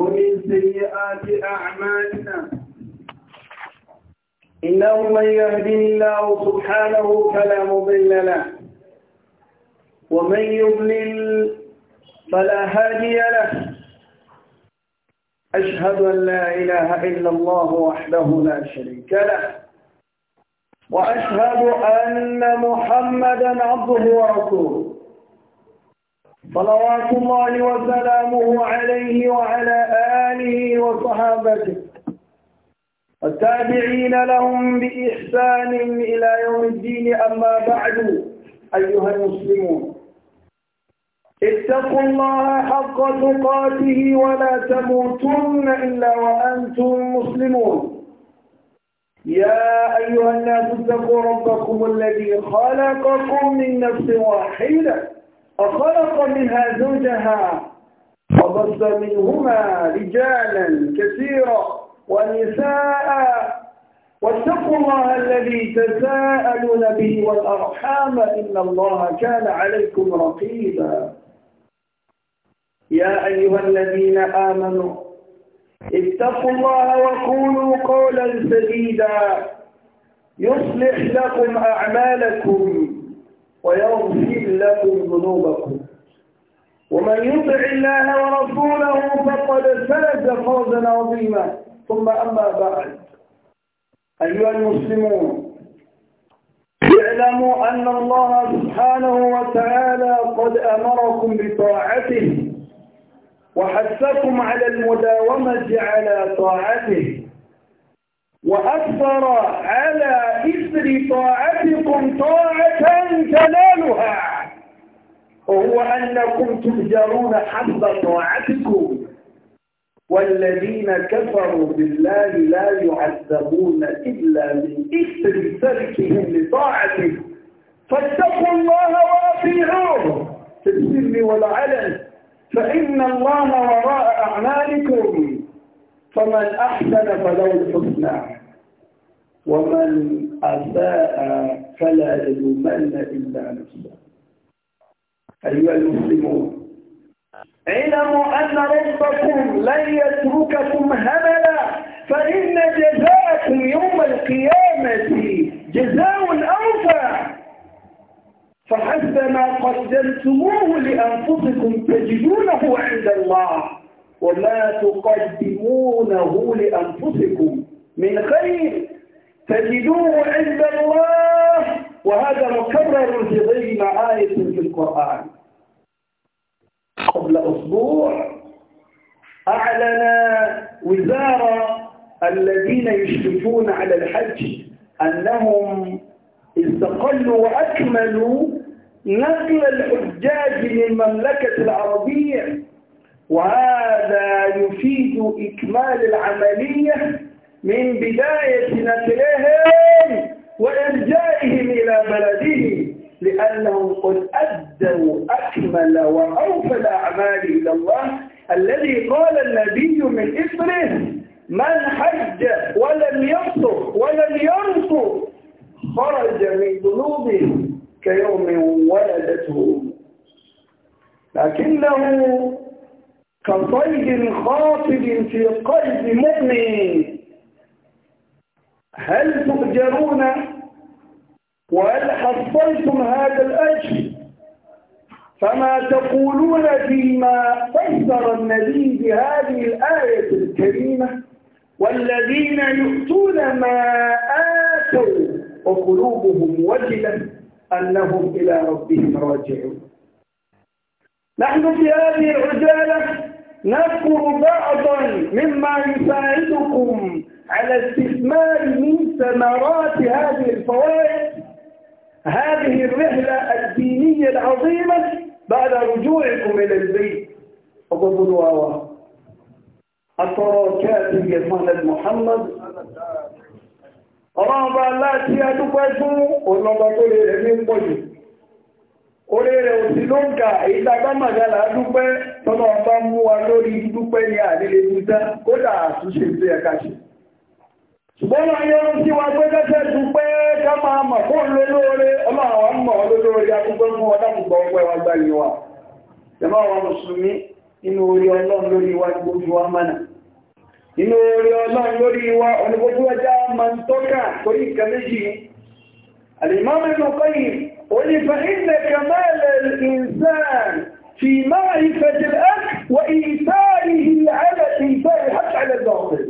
ومن سيئات أعمالنا إنه من يهدي الله سبحانه فلا مضل له ومن يضلل فلا هادي له أشهد أن لا إله إلا الله وحده لا شريك له وأشهد أن محمدا عبده ورسوله صلوات الله وسلامه عليه وعلى آله وصحابته والتابعين لهم بإحسان إلى يوم الدين أما بعد أيها المسلمون اتقوا الله حق تقاته ولا تموتن إلا وأنتم مسلمون يا أيها الناس اتقوا ربكم الذي خلقكم من نفس واحده وخلق منها زوجها وبص منهما رجالا كثيرا ونساء واتقوا الله الذي تساءلون به والأرحام إن الله كان عليكم رقيبا يا أيها الذين آمنوا اتقوا الله وقولوا قولا سديدا يصلح لكم أعمالكم ويغفر لكم ذنوبكم ومن يطع الله ورسوله فقد فاز فوزا عظيما ثم أما بعد أيها المسلمون اعلموا أن الله سبحانه وتعالى قد أمركم بطاعته وحثكم على المداومة على طاعته وأثر على إثر طاعتكم طاعة جلالها وهو أنكم تهجرون حسب طاعتكم والذين كفروا بالله لا يعذبون إلا من إثر تركهم لطاعته فاتقوا الله وأطيعوه في السر والعلن فإن الله وراء أعمالكم فمن أحسن فله الحسنى ومن أساء فلا يلومن إلا نفسه أيها المسلمون اعلموا أن ربكم لن يترككم هملا فإن جزاءكم يوم القيامة جزاء أوفى فحسب ما قدمتموه لأنفسكم تجدونه عند الله وما تقدمونه لأنفسكم من خير تجدوه عند الله وهذا مكرر في غير ما آية في القرآن قبل أسبوع أعلن وزارة الذين يشرفون على الحج أنهم استقلوا وأكملوا نقل الحجاج للمملكة العربية وهذا يفيد إكمال العملية من بداية نقلهم وإرجائهم إلى بلده لأنهم قد أدوا أكمل وأوفى الأعمال إلى الله الذي قال النبي من إثره من حج ولم يصر ولم ينصر خرج من ذنوبه كيوم ولدته لكنه كصيد خاطب في قلب مؤمن هل تؤجرون وهل حصلتم هذا الأجر فما تقولون فيما فسر النبي بهذه الآية الكريمة والذين يؤتون ما آتوا وقلوبهم وجلا أنهم إلى ربهم راجعون نحن في هذه العجالة نذكر بعضا مما يساعدكم على استثمار من ثمرات هذه الفوائد هذه الرحلة الدينية العظيمة بعد رجوعكم إلى البيت فقبلوا الله àtọ́rọ̀kẹ́ Muhammad Muhammad ọ̀rọ̀ ọba láti adúpẹ́ fún ọlọ́gbà tó lè rẹ̀ ní pọ̀jù orí rẹ̀ ò sí ló ń ka ìdágbàmàdàlà adúpẹ́ tọ́lọ̀ ọba mú wa lórí dúpẹ́ ní àdílé dúdá kódà àtúnṣe ìgbé ẹ̀kàṣì ṣùgbọ́n àwọn ohun tí wà pé lẹ́sẹ̀ tún pé ká máa mọ̀ fún lólóore ọmọ àwọn mọ̀ lólóore akúgbẹ́ fún ọdápùpọ̀ ọgbẹ́ wa gbá yíwa jẹmọ́ àwọn mùsùlùmí inú orí ọlọ́run lórí wa gbójú wa mánà inú orí ọlọ́run lórí wa onígbójú ọjá ma ń tọ́ka torí ìkà méjì alìmọ́mẹ́nu kọ́yìn onífẹ́ ilẹ̀ kẹmẹ́lẹ̀ ìsán fi máa ìfẹ̀jẹ̀ ẹ̀k wà ìsáàrí ilẹ̀ ẹ̀lẹ̀ ìsáàrí hàtàlẹ̀ dọ̀ọ̀fẹ̀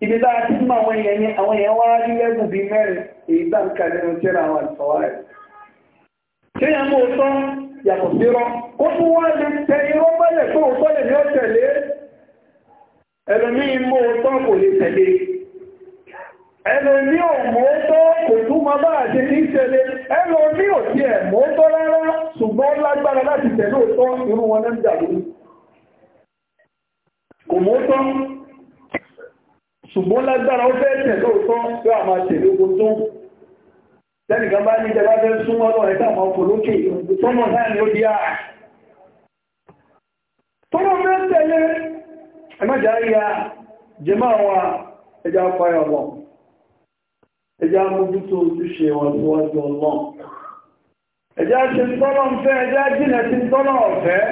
ibi tá a ti mọ àwọn èèyàn ní àwọn èèyàn wá rí lẹ́gùn bíi mẹ́rin èyí tá ń kalẹ̀ ní ọjọ́ àwọn àlùfáà rẹ̀. ṣé yẹn mú òótọ́ yàtọ̀ sí irọ́ kó tún wá lè tẹ irọ́ mọ́lẹ̀ tó òótọ́ lè ní ọ̀tẹ̀lé ẹlòmíín mú òótọ́ kò lè tẹ̀lé ẹlòmí ò mọ́tọ́ kò tún ma bá àti ní ìṣẹ̀lẹ̀ ẹlòmí ò tí ẹ̀ mọ́tọ́ rárá ṣùgbọ́n lágbára láti tẹ̀lé òótọ́ irú wọn náà ń dàrú kò mọ́tọ́ ṣùgbọ́n lágbára ó fẹ́ tẹ̀ lóòótọ́ pé a máa tẹ̀lé ogun tó lẹ́nìkan bá ní ìjẹba fẹ́ súnmọ́ lọ́rọ̀ ẹ̀ta àwọn ọkọ̀ lókè tọ́mọ̀ náà ni ó di àà tọ́mọ̀ fẹ́ tẹ̀lé ẹmọ́jà ríya jẹmọ́ àwọn ẹja pààyà wọn ẹja mójútó ojúṣe wọn síwájú ọlọ́n ẹja ṣe tọ́lọ̀ ń fẹ́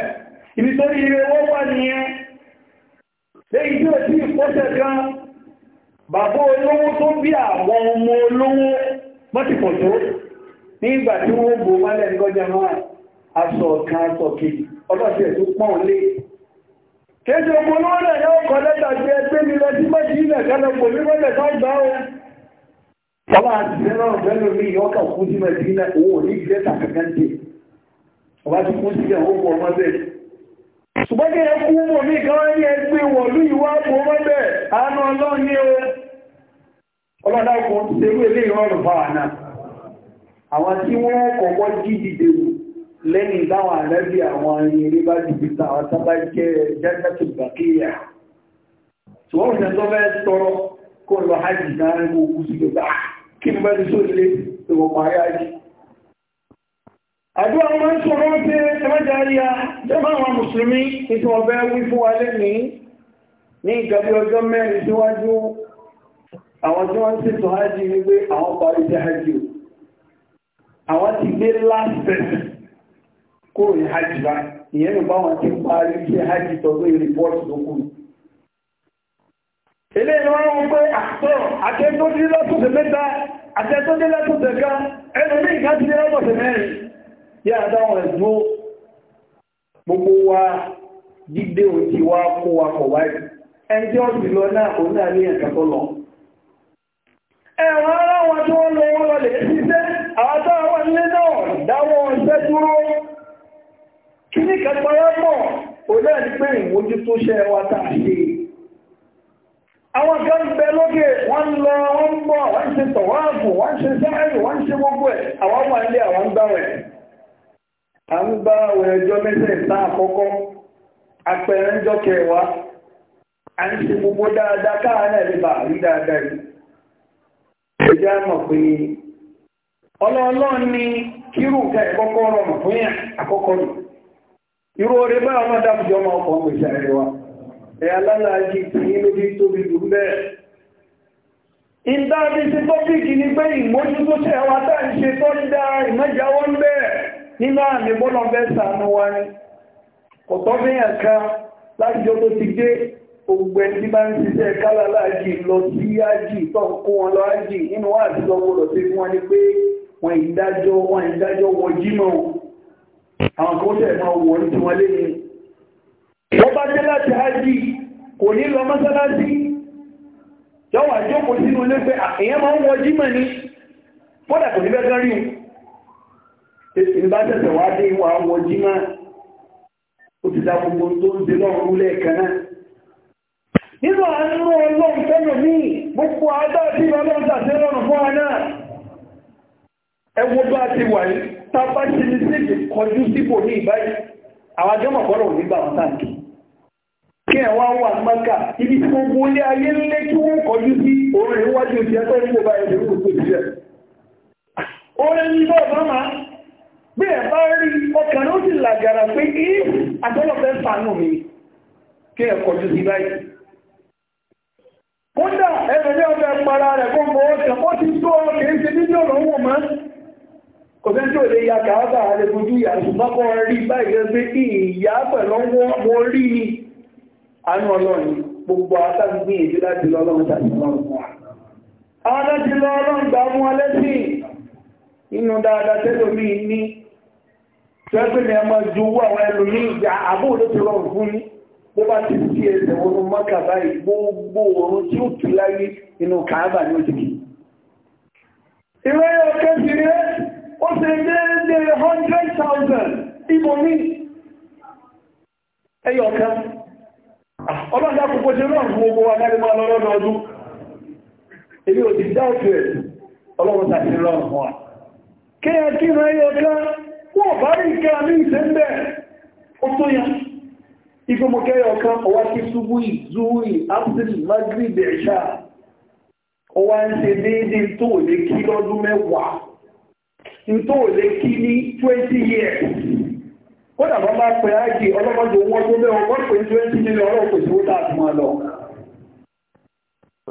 bàbá olówó tó bí àwọn ọmọ olówó mọ́tìpọ̀ tó nígbà tí wọ́n bò wálẹ̀ nígbọ́jà máa aṣọ ọ̀kan aṣọ kejì ọlọ́sẹ̀ tó pọ̀n lé kéjì ọmọ olówó náà yóò kọ́ lẹ́tà sí ẹgbẹ́ mi lọ sí mọ́jì ilẹ̀ kálọ̀ pò ní mọ́lẹ̀ tó gbà ó ọba àtìsẹ́ náà bẹ́lú mi yọ́kà kú sí mọ́jì ilẹ̀ owó ní ṣùgbọ́n kí ẹ kú mọ̀ kan ní ẹgbẹ́ wọ̀lú ìwà pọ̀ ọmọ bẹ́ẹ̀ àánú ọlọ́run ní o ọlọ́dáwọ̀ ti ṣe ilé ìrọ̀rùn fáwà náà àwọn tí wọ́n kọ̀kọ́ jídìde lẹ́ni ìdáwọn àrẹ́bí àwọn eré bá dìbì tàwọn sábà jẹ́ jẹ́jẹ́tù bàkíyà tí wọ́n rẹ̀ tó fẹ́ tọrọ kó lọ hajj náà ń kókú sí ló ah, bá kí n bẹ́ni só lé tó wọ́n parí hajj àdúrà wọn ń sọ̀rọ̀ pé ẹmẹ́jàríà jẹ́mọ́ àwọn mùsùlùmí tí wọ́n fẹ́ wí fún wa lẹ́ni ní ìgbàgbé ọjọ́ àwọn tí wọ́n sì tó hajji wípé àwọn parí sí hajji o àwọn ti gbé last person kó rí hajji bá ìyẹn ní bá wọn ti parí sí hajji tọ́gbé report tó kù ilé ìwọ́n wọn pé àtọ́ akẹ́kọ̀ọ́dé lọ́tọ̀ọ̀tẹ̀ mẹ́ta akẹ́kọ̀ọ́dé lọ́tọ̀ọ̀tẹ̀ kan ẹnu ní ìka ti dé lọ́tọ̀ọ̀tẹ̀ mẹ́rin yára dáwọn ẹ̀dúró gbogbo wa dídé òtí wa kó wa kọ̀ wáyé ẹni tí ó sì lọ náà òun náà ní ẹ̀kẹ́kọ̀ọ́ lọ ẹ̀wọ̀n ara wọn tí wọ́n lọ wọ́n lọlẹ̀ ṣiṣẹ́ àwọn tó ilé náà dáwọn iṣẹ́ dúró kí ní mọ̀ ò náà ní pé ìwójú tó ṣe wa tá ṣe àwọn kan bẹ lókè wọ́n lọ wọ́n bọ̀ wọ́n ṣe tọ̀wáàbù wọ́n ṣe sáàrì wọ́n ṣe gbogbo ẹ̀ àwọn wà nílé àwọn gbáwẹ̀ à ń bá ẹjọ́ àkọ́kọ́ ń jọ kẹwàá gbogbo dáadáa káà náà lè ẹjẹ́ àmọ̀ pé ọlọ́ọ̀lọ́ọ̀ ni kírù ká rọrùn fún yà àkọ́kọ́ nù irú orí bá ọmọ dábùjọ ọmọ ọkọ̀ ọmọ ìṣàrẹ̀ wa ẹ̀yà lálàájì tí tóbi jù bẹ́ẹ̀ tọ́pìkì ní pé wa tá ń ṣe tó ń dá bẹ́ẹ̀ nínú àmì bẹ́ẹ̀ sànú wa ni gbogbo ẹni tí bá ń ṣiṣẹ́ kálálá ájì lọ sí ájì tó ń kó wọn lọ ájì nínú wà sí lọ́wọ́ lọ sí fún wọn ni pé wọn ìdájọ́ wọn ìdájọ́ wọ jímọ̀ àwọn kan tẹ̀ máa wọ̀ ní tiwọn lé ní. wọ́n bá dé láti ájì kò ní lọ mọ́sálásí yọ́wà jókòó sínú ilé pé èèyàn máa ń wọ jímọ̀ ni fọ́dà kò ní bẹ́ẹ̀ kan rí un. èsì ń bá tẹ̀sẹ̀ wá nínú àánú ọlọ́run tẹ́lẹ̀ ní gbogbo adájí ọlọ́run tàbí rọrùn fún wa náà ẹwọ bá ti wà ní tápá ti ní síkì kọjú sípò ní ìbáyìí àwọn ajọ́mọ̀ bọ́lọ̀ nígbà wọn tàbí kí ẹ̀ wá wà mọ́kà ibi tí gbogbo ilé ayé lé kí wọ́n kọjú sí orin níwájú ti ẹgbẹ́ ìwò bá ẹ̀dẹ̀ ní gbogbo ìjẹ́ orin ní bọ́ bá máa bí ẹ̀ bá rí ọkàn ó sì làgàrà pé kí àtọ́lọ́fẹ́ sànù mi kí ẹ̀ kọjú sí báyìí kódà ẹgbẹ̀ ní ọjọ́ ìpara rẹ̀ kó mọ́ ọ̀sẹ̀ ó ti tó ọkẹ̀ ṣe nínú ọ̀rọ̀ wọ̀n mọ́ kò fẹ́ tí ò lè ya kàábà rẹ̀ fojú ìyà ṣùgbọ́kọ́ rí báyìí pé ìyá pẹ̀lú wọn rí ni àánú ọlọ́run gbogbo àtàgbìn èdè láti lọ ọlọ́run tàbí ọlọ́run fún wa àwọn láti lọ ọlọ́run gbà mú ọlẹ́sìn inú bó bá ti sí ẹsẹ̀ wọnú mọ́kà báyìí gbogbo tí ó kì láyé inú kàábà ní òjìkì ìwé ọkẹ́ rẹ̀ ó 100,000 ibò ní ẹyọ ah, ọlọ́dá púpọ̀ ṣe náà gbogbo wa igbó mo kẹ́yọ̀ kan ọwá kí ṣubú ìzúwì ápùsìlì magrib ẹ̀ṣà ọwá ń ṣe déédé tó ò lè kí lọ́dún mẹ́wàá tó ò lè kí ní 20 years kódà bá bá pẹ̀ ágì ọlọ́mọdé wọn tó mẹ́wọ́n wọ́n pè 20 million ọlọ́run kò sí ó tà fún lọ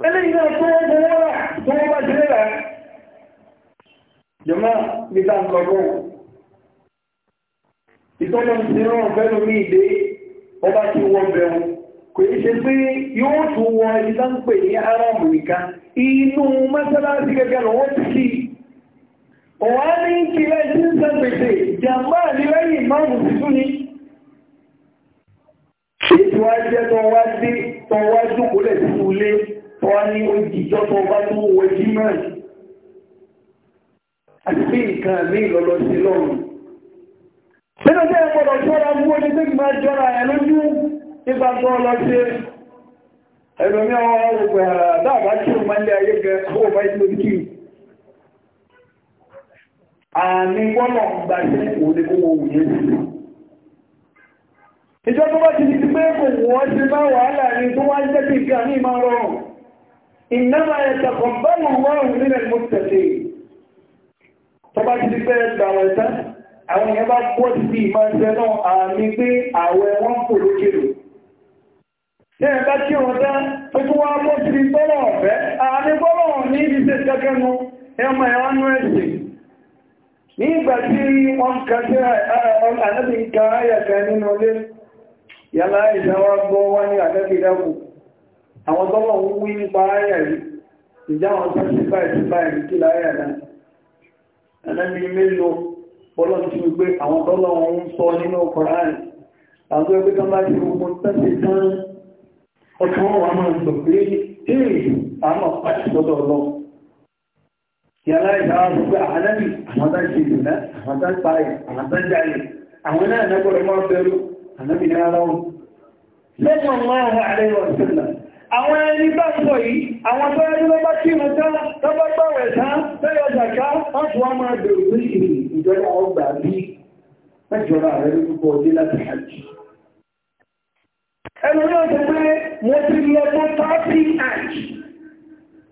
eléyìí náà tó wọ́n bọ́ wọ́n rà tó wọ́n bá ti rẹ̀ jọmọ́ nígbà ń lọ́gbọ́n ìtọ́jọ́ ti rán ọ̀fẹ́ ọba tí wọ́n bẹ̀rù kò yí ṣe pé yóò tún wọ ìdá ń pè ní aráàmù nìkan inú mọ́sálásí gẹ́gẹ́ lọ wọ́n ti kí ọ̀wá ní kí lẹ́sí ń sẹ́pẹ̀tẹ̀ jàmbá ní lẹ́yìn márùn títún ni ètò ajẹ́ tó wá dé tó wá jókòólẹ̀ sí ilé tó wá ní ojìjọ́ tó bá tó nínú jẹ́ ẹgbọ́dọ̀ ṣọ́ra mú ojú tí máa jọra ẹ̀ lójú nípa tó lọ sí ẹlòmí ọwọ́ òpè àdáàbá tí ó máa lé ayé gẹ ó bá ìlú kí àmì gbọ́nà gbà sí òdíkówó òye ìjọ tó bá ti di pé kò wọ́n ti máa wàhálà ní tó wá jẹ́ kí ìgbà ní máa rọrùn ìnáwà ẹ̀ta kọ̀ọ̀bá wọn wọ́n rùn nílẹ̀ mọ́tẹ̀lẹ̀ tó bá ti di pé ẹgbà wọ̀ta àwọn èèyàn bá pọ̀ sí ìmọ̀ ẹsẹ̀ náà àmì pé àwẹ̀ wọn kò lókèrò ní ẹ̀ka tí wọ́n dá tó tún wá pọ̀ sí gbọ́rọ̀ ọ̀fẹ́ àmì gbọ́rọ̀ ní ìdíṣẹ́ kẹ́kẹ́ mu ẹmọ ẹ̀wọ̀n ẹ̀sìn ní ìgbà tí wọ́n kà sí ànábì ń ka ayàkà nínú ilé yàrá ìdáwà gbọ́ wá ní ànábì dákù àwọn tọ́lọ̀ ń wí nípa ayà yìí ìjà wọn sá sí báyìí sí báyìí kí láyà náà ànábì mélòó bọ́lọ́n ti wípé àwọn tọ́lọ wọn ń sọ nínú Kùránì àwọn tó ẹgbẹ́ tán bá ti gbogbo tẹ́sẹ̀ tán ọkàn wọn máa ń sọ pé èè àmọ́ pàtì sọ́dọ̀ lọ yàrá ìta wọn sọ pé àánábì àwọn tá ṣe ìdùnnà àwọn tá pààyà àwọn tá àwọn ẹni bá ń sọ yìí àwọn tó ẹni lọ́bá tí mo tá lọ́bá gbàwẹ̀ tán lẹ́yọ jàká wọ́n tún wọ́n máa bẹ̀rù pé ìjọba ọgbà bí mẹ́jọba rẹ̀ lórúkọ ọdẹ láti hajj ẹnu náà sọ pé mo ti lọ tó pàápì hajj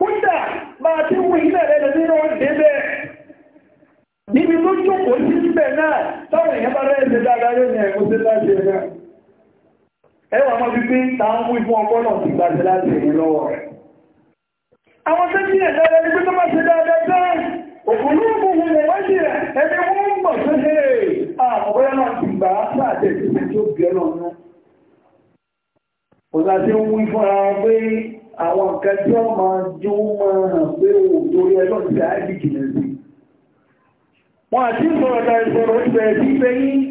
kódà bá a ti wù ilẹ̀ rẹ̀ lọ́dún náà débẹ̀ níbi tó jókòó sí ibẹ̀ náà táwọn èèyàn bá rẹ̀ ṣe dáadáa lónìí ẹwà mọ́ bí pé ta ń mú ìfún ọkọ́ náà ti gbàjẹ́ láti ẹ̀yìn lọ́wọ́ rẹ̀ àwọn tẹ́jì ẹ̀ dáadáa ní pé tó bá ṣe dáadáa tẹ́ òkun ní òkun mọ̀ wá sí ẹ̀ ẹni wọ́n ń mọ̀ tó ṣe àkọ́kọ́yá náà ti gbà á sáàtẹ̀ ìsinmi tí ó bí ẹ lọ́nà kò sá sí ń wí fúnra pé àwọn nǹkan tí ó máa jó máa hàn pé ò torí ẹ lọ́nà àìdíkì lẹ́sìn wọn àti ìsọ̀rọ̀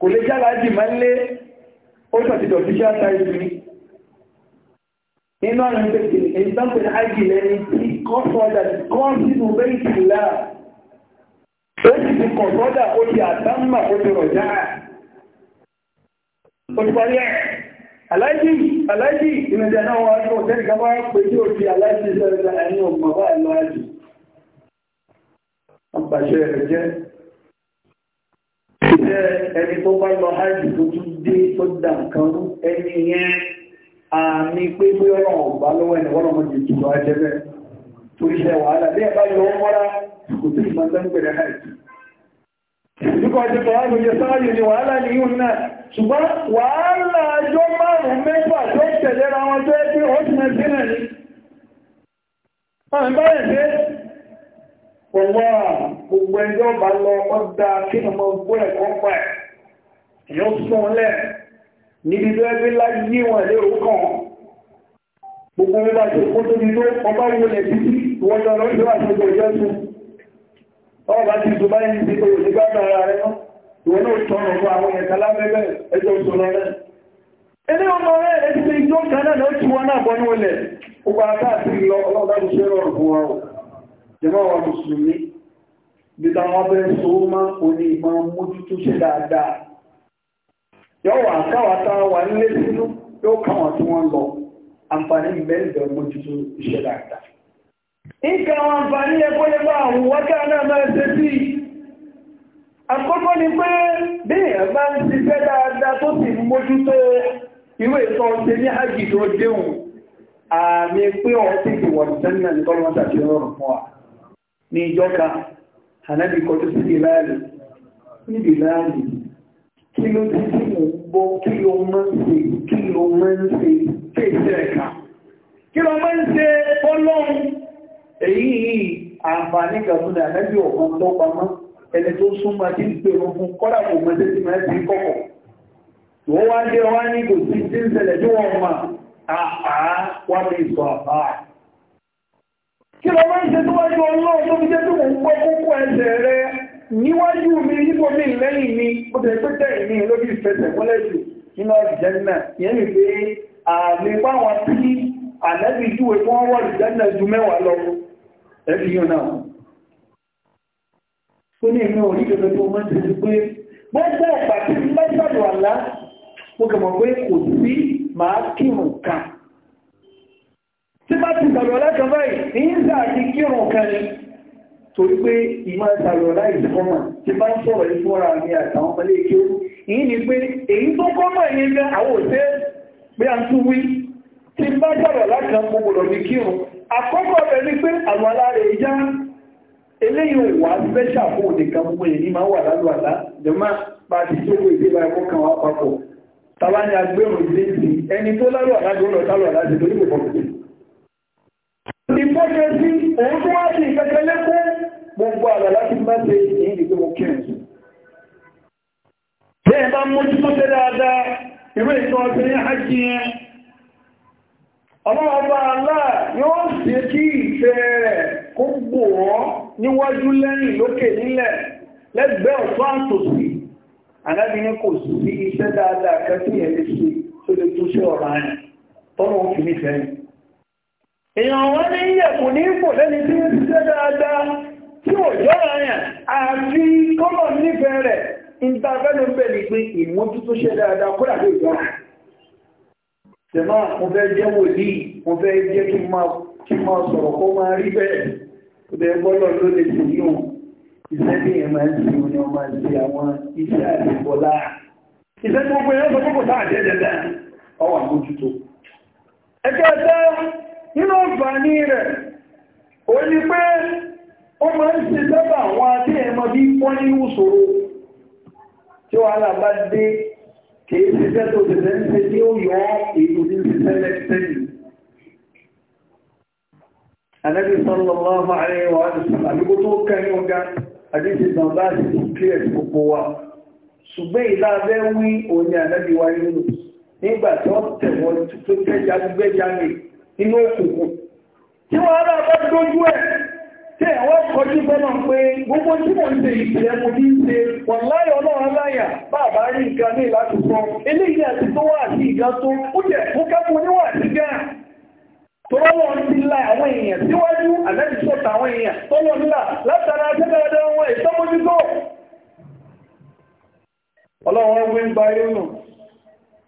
kò lè jẹ́ aláàjì máa ń lé ó tàbí dọ̀tí jẹ́ àtàrí mi nínú àwọn ìpèsè ìtàkùn àjì lẹ́ni tí kọ́sọ̀dà kọ́ sínú bẹ́ẹ̀ ìtìlá ó sì ti kọ̀sọ́dà ó ti àtàmà ó ti rọ̀já ó ti parí ẹ̀ aláàjì aláàjì ìrìnàjò náà wà ní ẹni tó bá lọ hajj tó tún dé tó dà nǹkan rú ẹni yẹn àmì pé pé ọ̀rọ̀ ọ̀gbá lọ́wọ́ ẹni wọ́n lọ́mọdé jùlọ ajẹ́bẹ̀ tó iṣẹ́ wàhálà bí ẹ bá yọ wọ́n mọ́ra kò sí ìmọ̀ tó ń ni wàhálà ní ìhùn náà, ṣùgbọ́n wàhálà ọjọ́ márùn-ún mẹ́fà tó tẹ̀lé ra ni. Pọ̀wọ́ gbogbo ẹjọ́ bá lọ ọdá kí ni mo gbọ́ ẹ̀kọ́ pẹ̀. Èyàn sún lẹ̀ níbi tó ẹgbẹ́ láyé wọn lé òkàn. Gbogbo mi bá ṣe kó tóbi tó ọba wọlé títí ìwọ́n lọ lọ́jọ́ àṣẹjọ ìjọ́sùn. Ọba bá ti dùbá yìí ti òyìnbó gbàgbà ara rẹ̀ náà ìwọ̀n náà tọrọ fún àwọn ẹ̀ka lábẹ́bẹ́ ẹjọ́ ìṣòro rẹ̀. ilé ọmọ rẹ̀ ẹgbẹ́ ìjọ́ kan náà ló ti wọ́n náà bọ́ ní olè ó bá káàkiri lọ ọlọ́dá ìṣẹ́ rọrùn fún wa jẹmọ́ wa mùsùlùmí bí táwọn bẹ́ẹ̀ so máa ń oní ìmọ̀ mójútó ṣe dáadáa yọ wà káwà tá a wà nílé sínú yóò káwọn tí wọ́n lọ àǹfààní ìbẹ́ẹ̀lẹ̀ mójútó ṣe dáadáa nǹkan àwọn àǹfààní ẹgbẹ́ yẹn bá ni pé bí èèyàn bá ń ṣiṣẹ́ dáadáa tó sì mójútó ìwé ìtọ́ àmì pé ọ̀sìn ti wọ̀ nìtẹ́nà nìtọ́lọ́mọ́ta ti rọrùn fún wa ní ìjọka ànábì kọjú sí ìlàlì níbi ìlàlì kí ló ti tí mò ń gbọ́ kí ló máa ń ṣe kí ló máa ń ṣe tí ìṣẹ́ ẹ̀ka kí ló máa ń ṣe ọlọ́run èyí àǹfààní gàmúnà ànábì ọ̀kan tó pamọ́ ẹni tó súnmọ́ tí ń pèrò fún kọ́dà kò mọ́ tẹ́sí máa ti kọ́kọ̀ wọ́n wá dé wá ní kò sí tí ń ṣẹlẹ̀ tí wọ́n mọ̀ àá wá lè sọ àbáà kí lọ máa ń ṣe tó wájú ọlọ́run tó fi jẹ́ tó ń pẹ́ kókó ẹsẹ̀ rẹ níwájú mi níbo mi lẹ́yìn mi ó tẹ̀ pé tẹ̀yìn mi lójú ìfẹsẹ̀ mọ́lẹ̀ jù nínú àlùjànnà yẹn mi pé àmì páwọn tí àlẹ́bí júwe tí wọ́n wọ àlùjànnà ju mẹ́wàá lọ ẹ̀fì yóò náà ó ní ìmú oníkẹ́lẹ́ tó máa ń ṣe sí pé gbogbo ọ̀pá tí mẹ́sàdù àlá mo kẹ̀mọ̀ pé kò sí màá kírun kan tí bá ti gbàlọ̀ láti báyìí èyí ń sáà ti kírun kan ni torí pé ìmọ̀ ìgbàlọ̀ láì fọ́mà tí bá ń sọ̀rọ̀ ìfúnra mi àtàwọn ọmọlé kí ó èyí ni pé èyí tó kọ́mọ̀ yẹn lẹ́ àwọn òṣè pé à ń tún wí tí bá gbàlọ̀ láti mọ gbọdọ̀ ní kírun àkọ́kọ́ rẹ̀ ni pé àwọn aláàrẹ̀ ìjá eléyìí wà special fún òdìkan gbogbo èyí máa wà lálọ́ àlá jọmọ́ bá ti tó wé ìdí bá ẹkọ́ kan wá papọ̀ tàbá ni agbẹ́rùn ìdí ẹni tó lálọ́ àlá jọ lọ àlá ti torí kò pọ̀ gẹ́gẹ́ sí òun tó wá sí ìkẹ́kẹ́ lẹ́kọ́ gbogbo àgbà láti mẹ́sẹ̀ ìyìn ìdí mo kí ẹ̀sùn tí ẹ bá mú jímọ́ tẹ́ dáadáa ìwé ìtọ́ ọ̀sẹ̀ ní àjí yẹn ọlọ́ọ̀bá aláà yóò sì kí ìfẹ́ rẹ̀ kó gbòó níwájú lẹ́yìn lókè nílẹ̀ lẹ́gbẹ̀ẹ́ ọ̀tọ́ àtòsí alábìnrin kò sí iṣẹ́ dáadáa kẹ́kẹ́ yẹn lè ṣe tó lè túnṣe ọ̀rọ̀ àyàn tọ́nà òfin nífẹ̀ẹ́ èèyàn wọ́n ní yẹ̀kùn ní ipò lẹ́ni tí ó ti ṣe dáadáa tí ò jọ́ àyàn àti kọ́lọ̀ nífẹ̀ẹ́ rẹ̀ ìtafẹ́lú ń bẹ̀ ní pé ìmójútó ṣe dáadáa kó dàbí ìjọ tẹ̀mọ́ mo fẹ́ jẹ́ wòlíì mo fẹ́ jẹ́ kí n máa sọ̀rọ̀ kó máa rí bẹ́ẹ̀ tó bẹ́ẹ̀ gbọ́dọ̀ ló lè sì yíwọ̀n iṣẹ́ bí èèyàn máa ń ṣe òun ni wọ́n máa ṣe àwọn iṣẹ́ àdìbọ́lá iṣẹ́ tí wọ́n pè é lọ́sọ̀kọ́kọ́ sáà jẹ́ dẹ́dẹ́ ọwọ́ àmójútó ẹgbẹ́ ẹgbẹ́ nínú ọ̀fàní rẹ̀ o ní pé ó mọ́ ń ṣe sẹ́bà àwọn àti ẹmọ bí wọ́n ní ìwòsòro tí ó alábá dé kìí ṣiṣẹ́ tó ṣiṣẹ́ ń ṣe tí ó yọ èdò ní ṣiṣẹ́ lẹ́sẹ̀yìn wa wọ́n tẹ̀wọ́n tó tẹ́jà gbẹ́jà mìí inú òkùnkùn tí wọ́n rà bá dójú ẹ̀ tí ẹ̀wọ́ kọjú bọ́nà pé gbogbo tí mo ń ṣe ìpìlẹ̀ mo ní ṣe wọ̀n láyọ̀ ọlọ́run aláyà bàbá rí nǹkan ní láti sọ eléyìí àti tó wà sí ìgbà tó ó jẹ́ fún kẹ́kọ̀ọ́ níwà sí gáà tọ́lọ́wọ́ ti la àwọn èèyàn síwájú àlẹ́bí sọ́ta àwọn èèyàn tọ́lọ́ ńlá látara ajẹ́dáadáa wọn ìtọ́mójútó ọlọ́run wí ń ba irú nù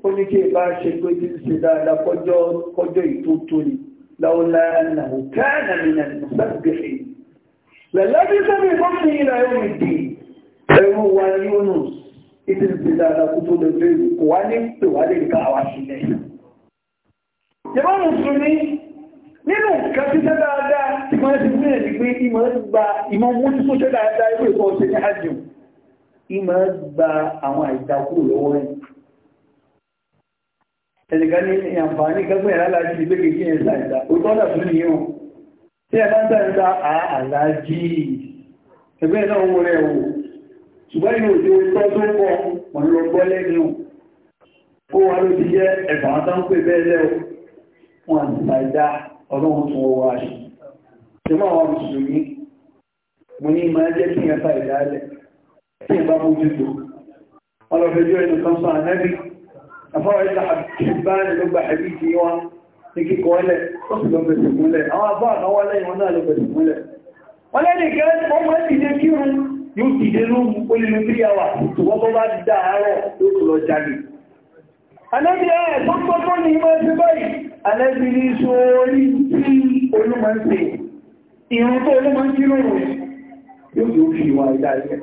ó ní kí ìbá ṣe pé tí ń ṣe dáadáa kọjọ́ kọjọ́ ìtótó ni láwọlá nàwó káàdà nínà ìmọ̀sáàgbẹ̀rẹ̀ lẹ́lẹ́bí sẹ́bí fún mi ìlà ẹ̀rùn ìdí ẹ̀rùn wa yónus ìdí ń ṣe dáadáa kó tó lè bẹ̀rù kò wá ní pè wá lè ká àwa sílẹ̀ yẹ́bá mùsùlùmí nínú nǹkan dáadáa tí wọ́n ti fún ẹ̀rí pé ìmọ̀ gba ìmọ̀ múlí tó dáadáa irú ìkọ́ ní àjò ìmọ̀ gba àwọn àìdákù lọ́wọ́ ẹ̀yìn ẹnìkan ní àǹfààní kẹgbẹ́ ìrànlájí ní gbégbé kí ẹ̀sà ìdá òtọ́lá fún ní ìhùn tí ẹ bá ń tàà ìdá àlájí ẹgbẹ́ náà wọ́n rẹ̀ wò ṣùgbọ́n inú òjò tọ́ tó pọ̀ wọ́n lọ gbọ́ lẹ́nu ó wà ló ti jẹ́ ẹ̀fà tán pè bẹ́ẹ̀ lẹ́ wọn àtìsà ìdá ọlọ́run tó wọ́n wá ṣe ṣe mọ́ àwọn mùsùlùmí mo ní máa jẹ́ kí ẹ̀fà ìdá lẹ̀ tí ẹ bá mójútó àfáwọn ilẹ̀ àbáyé ló gba àbíkì wọn ní kíkọ́ ilẹ̀ ó sì lọ bẹ̀sẹ̀ múlẹ̀ àwọn àbá àkáwọ́ lẹ́yìn wọn náà lọ bẹ̀sẹ̀ múlẹ̀ wọ́n lẹ́nì kẹ́ ọmọ ìdíje kírun yóò dìde ló mú olùlú bí àwà ṣùgbọ́n tó bá dá àárọ̀ ló kò lọ jáde anẹ́bí ẹ̀ lóòrùn yóò fi wà ìdáyẹ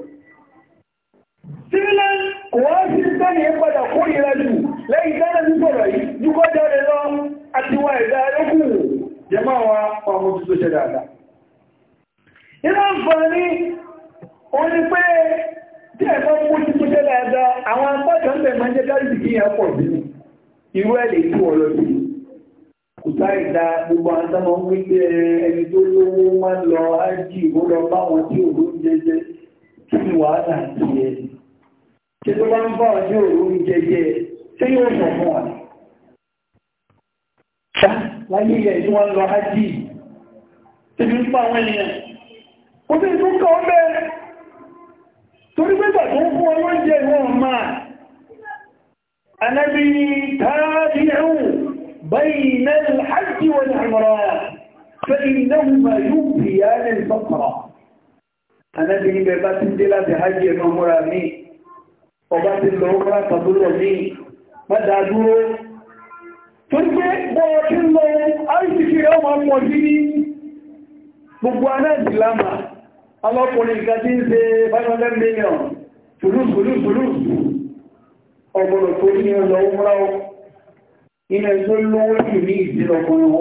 wọ́n wá sí tẹ́lẹ̀ yẹn padà kó ìrẹ́ jù lẹ́yìn tẹ́lẹ̀ ní sọ̀rọ̀ yìí jùkọ́ jáde lọ àti wà ẹ̀dá ẹlẹ́kùn jẹmọ́ wa ọmọ tuntun ṣe dáadáa nínú àǹfààní o ní pé tí ẹ̀kọ́ mú tuntun ṣe dáadáa àwọn apọ́jọ́ ń bẹ̀ máa ń jẹ́ gbogbo tí tó bá ń bọ̀ ní òru jẹjẹ tí yóò mọ̀ mọ̀ ní. Ṣá láyé ilẹ̀ tí wọ́n lọ ájì tí fi ń pa àwọn ènìyàn. Ó sì tún kọ́ ọ́ bẹ́ẹ̀. Torí pẹ́sà tó ń fún ọ lóúnjẹ wọn máa. Ànábì tààbí ẹ̀hùn báyìí náà ájì wọn ní àmọ́ra. فإنهما يوفيان الفقر. Ànábì ni bẹ̀ bá ti dé láti ájì ẹ̀mọ́ múra ọba ti lọ ọmọlá tàbílẹ̀ ní mẹ́ta dúró tó gbé bọ́ọ̀ tí lọ àìsìkí rẹ̀ ọmọ mọ̀ sí ní gbogbo anáàdì lámà alọ́kùnrin ìgbà tí ń ṣe 500 million tùlùsùlùsùlù ọgbọ̀nà tó ní ọlọ ọmọlá ilẹ̀ tó lówó jù ní ìsìn ọkùnrin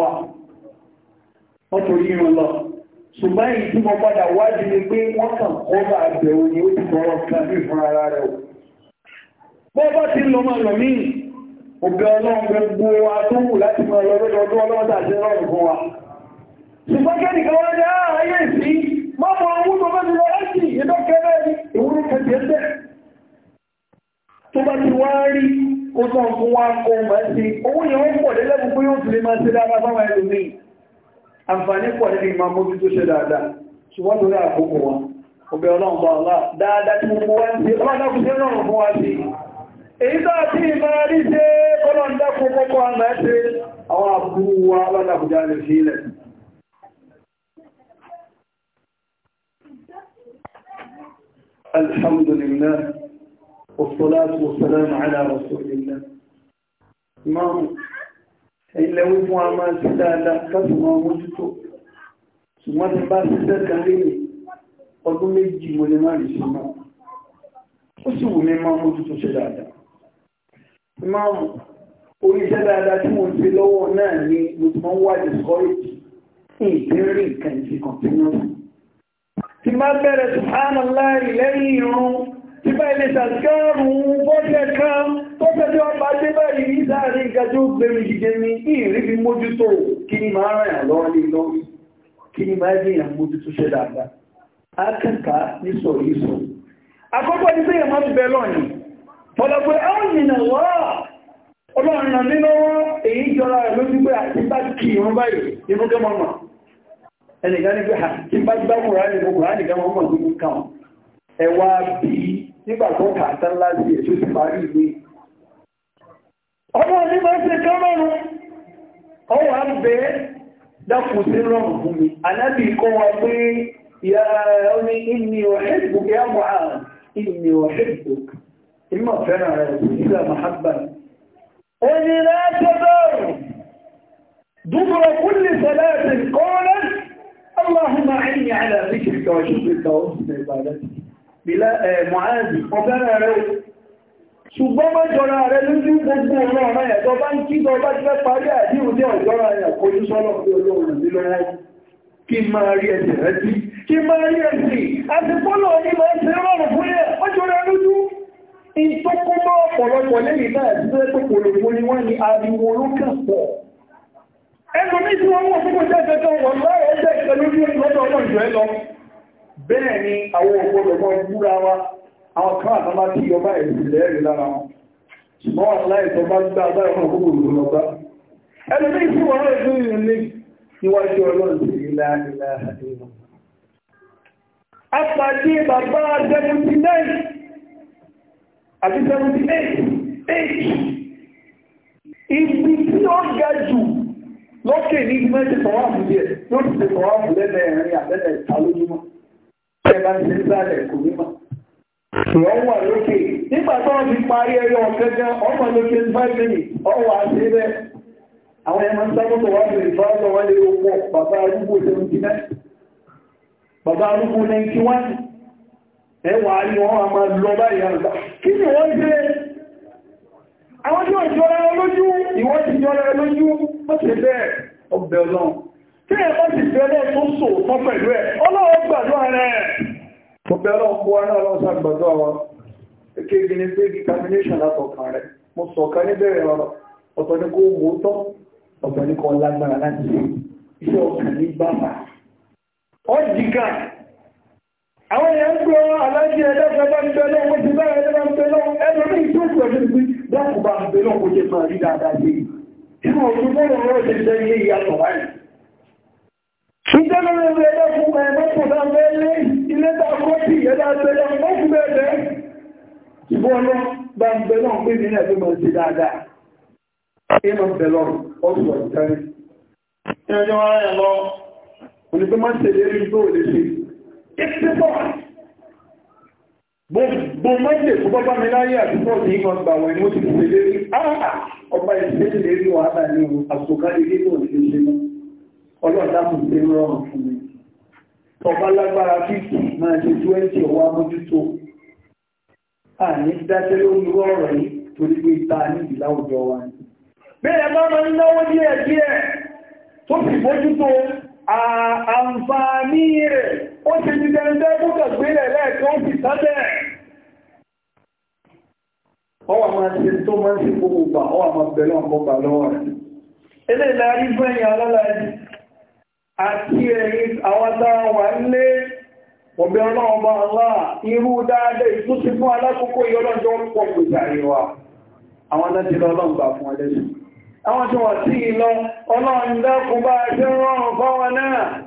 ṣùgbọ́n ìtumọ̀ padà wájú ni pé wọ́n kàn kọ́ bá àbẹ̀wò ni ó ti kọ́ ọ̀kan ní ìfúnra rẹ̀ o bọ́bọ́ ti lọ máa lọ ní ọ̀gá ọlọ́run gbogbo wa tó wù láti máa lọ lọ́dọọdún ọlọ́run tàbí rọrùn fún wa ṣùgbọ́n kẹ́nìkan wọ́n ní ààyè sí mọ́mọ́ owó tó bá ti lọ ẹ́sì ìdọ́kẹ́rẹ́ ní ìwúrú kẹsì ẹsẹ̀ tó bá ti wá rí ó tọ́ fún wa kó mọ̀ sí owó yẹn wọ́n pọ̀ lẹ́lẹ́bùn pé yóò fi lè máa ṣe dáadáa fáwọn ẹlòmíì àǹfààní pọ̀ nínú ìmọ̀ mójú tó ṣe dáadáa ṣùgbọ́n lórí àkókò wọn ọbẹ̀ ọlọ́run bá ọlá dáadáa tí mo wá ń ṣe ọlọ́run fún wa sí èyí tó àti ìmára rí ṣe ọlọ́ndẹ́kùn pọ́pọ́ àmà ẹ́ṣẹ́ àwọn àbúrú wa alájàkùjá lè fi ilẹ̀ alhamdulillah wassalatu wassalamu ala rasulillah máàmù ilẹ̀ wípún a máa ti dáadáa kásùmọ̀ mójútó ṣùgbọ́n ti bá ṣiṣẹ́ kan lẹ́yìn ọdún méjì mo lè má rí ṣe máa ó sì wù mí máa mójútó ṣe dáadáa ìmáàmù oríṣẹ́ dáadáa tí mo ti lọ́wọ́ náà ni lùtùmọ̀ wà discourage ìbéèrè nǹkan ìfi continuous ti máa bẹ̀rẹ̀ subhanallah lẹ́yìn irun ti bá ilé ṣàkárùn-ún bọ́jẹ̀ kan tó tẹ́jọ́ bá dé báyìí láàrin ìgájọ́ gbẹ̀rẹ̀ ìdíje ní ìrí fi mójútó kí ni máa ràn yàn lọ́wọ́ ní lọ́wọ́ kí ni máa jẹ́ ìyàn mójútó ṣe dáadáa akẹ́kọ̀ọ́ ní sọ̀rọ̀ ìsọ̀ àkọ́kọ́ ní pé ìyàn máa ń bẹ lọ́nìí pọ̀lọ̀pọ̀ ẹ́rìnà wọ́ ọlọ́rìnà nínú èyí jọra ẹ̀ lójú pé àti bá wọ́n báyìí inú gẹ́mọ̀mọ̀ ẹnìkan ní pé àti bá gbá kùránì kùránì gẹ́mọ̀mọ̀ tó mú kàn ẹwà bí nígbà tó kàtà ìmọ̀ fẹ́ràn rẹ̀ ìlà mahabba ẹni láti bẹ̀rù dúbùrọ̀ kúlì sẹ́lẹ̀tì kọ́ọ̀lẹ̀ اللهم أعني على ذكرك وشكرك وحسن عبادتك بلا معاذ ọ̀fẹ́ràn rẹ̀ ṣùgbọ́n bá jọra rẹ̀ lójú gbogbo ọlọ́run rẹ̀ tó bá ń kí tó bá jẹ́ parí àdíhùn jẹ́ ọ̀jọ́ra rẹ̀ kojú sọ́lọ́ pé olóòrùn nílò rẹ̀ kí máa rí ẹsẹ̀ rẹ̀ sí kí máa rí ẹsẹ̀ àti pọ́lọ̀ ní máa ń ṣe rọrùn fún yẹ ọjọ́ra lójú ìtọ́kọ́mọ́ ọ̀pọ̀lọpọ̀ lẹ́yìn náà tí ó tó pòlòpò ni wọ́n ni ariwo olókàn pọ̀. ẹnu ní tí wọ́n wọ́n fún jẹ́jẹ́jẹ́ wọ́n láàrẹ̀ jẹ́ ìpẹ̀lú ní ọjọ́ ọmọ ìjọ ẹ lọ bẹ́ẹ̀ ni àwọn ọ̀pọ̀lọpọ̀ búra wa àwọn kan àtàmà tí ọba ẹ̀sìn lẹ́rìí lára wọn ṣùgbọ́n aláìsọ bá gbá agbára fún àkókò ìlú lọ́gbá ẹnu ní tí wọ́n rẹ̀ fún ìrìn ní níwájú ọlọ́run sí ilá ilá àdéhùn. apàdé bàbá dẹ́kun ti náà àti 78 8 ibi tí ó ga jù lókè ní ìgbẹ́ ti sọ̀rọ̀ àfúdí ẹ̀ yóò ti sọ̀rọ̀ àfúdí ẹ̀mẹ́ ẹ̀rin àbẹ́lẹ̀ ìta lójúmọ́ ẹ̀bá ti ń sálẹ̀ kò ní mọ́ ìwọ́n wà lókè nígbà tó wọ́n ti parí ẹyọ ọ̀gẹ́gẹ́ ọmọ lókè ní 5 minutes ọwọ́ àti ẹ̀rẹ́ àwọn ẹ̀mọ́ ń sábọ́ tó wá sí ìfọ́lọ́ wọlé owó bàbá arúgbó 79 bàbá arúgbó 91 ẹwà ni wọ́n máa lọ báyìí àgbà kí ni wọ́n gbé àwọn tí ó jọra olójú ìwọ́n ti jọra olójú ó ti bẹ́ẹ̀ ọgbẹ̀ ọlọ́run tí ẹ bá ti bẹ̀rẹ̀ tó sò tán pẹ̀lú ẹ̀ ọlọ́run gbàdúrà rẹ̀ ọgbẹ̀ ọlọ́run kó wá náà lọ́sà gbàdúrà wa kéèkì ní pé determination látọ̀kan rẹ̀ mo sọ̀kan níbẹ̀rẹ̀ ọ̀rọ̀ ọ̀tọ̀ ní kó wò tán ọ̀tọ̀ ní kan lágbára láti ṣe iṣẹ́ ọkàn ní bàbà ọ̀dìgàn àwọn èèyàn ń gbọ́ aláṣẹ ẹ̀dẹ́gbẹ́ bá ń bẹ̀rẹ̀ wọ́n ti bẹ̀rẹ̀ ẹ̀dẹ́gbẹ́ ń bẹ̀rẹ̀ ẹ̀dọ́ ní ìjókòó ẹ̀dẹ́ sí dákù bá ń bẹ̀rẹ̀ kò jẹ́ máa rí dáadáa sí i tí wọ́n tún bọ́rọ̀ wọ́n ti jẹ́ ilé ìyàtọ̀ wáyé ìjẹ́lẹ̀ rẹ̀ ẹ̀dẹ́ fún ẹ̀mọ́kù dámẹ́lẹ́ ilé dákọ́tì ẹ̀dá tẹ́lẹ̀ mọ́kù bẹ̀rẹ̀ ìbọn náà bá ń bẹ̀rẹ̀ pé ní ẹ̀dẹ́ mọ̀ sí dáadáa ìmọ̀ bẹ̀rẹ̀ ọ̀sọ̀ ìtẹ́rẹ̀ Ètí pọ̀. Gbogbo mọ́ndé tó bọ́bá mi láyé àdúgbò ní ìkan gbà wọ inú ti fún ilé rí. Ah, ah, ọba ìsinmi lè rí wàhálà ní o, àsòkálẹ̀ ilé tó ti ṣe mọ́. Ọlọ́ọ̀dá kò ṣe rọrùn fún mi. Ọba lágbára fífi máa ṣe 20 ọwọ́ amójútó. A ní dáṣẹ́ lórí ọ̀rọ̀ yìí torí pé ta níbi láwùjọ wa ní. Bẹ́ẹ̀ bá máa ń náwó díẹ̀ díẹ̀ tó fi bójútó àǹfààní rẹ̀ ó ti di dẹ́ndẹ́ púpọ̀ gbílẹ̀ lẹ́ẹ̀kan ó sì ọwà máa ti tó máa sí gbogbo gbà ọwà máa bẹ̀rẹ̀ ọ̀pọ̀gbà lọ́wọ́ rẹ̀ ẹ̀yìn àti ẹ̀yìn ọ̀bẹ̀ ọlọ́ọ̀bá àwọn tí sí ìlọ ṣe rọrùn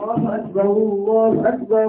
الله أكبر الله أكبر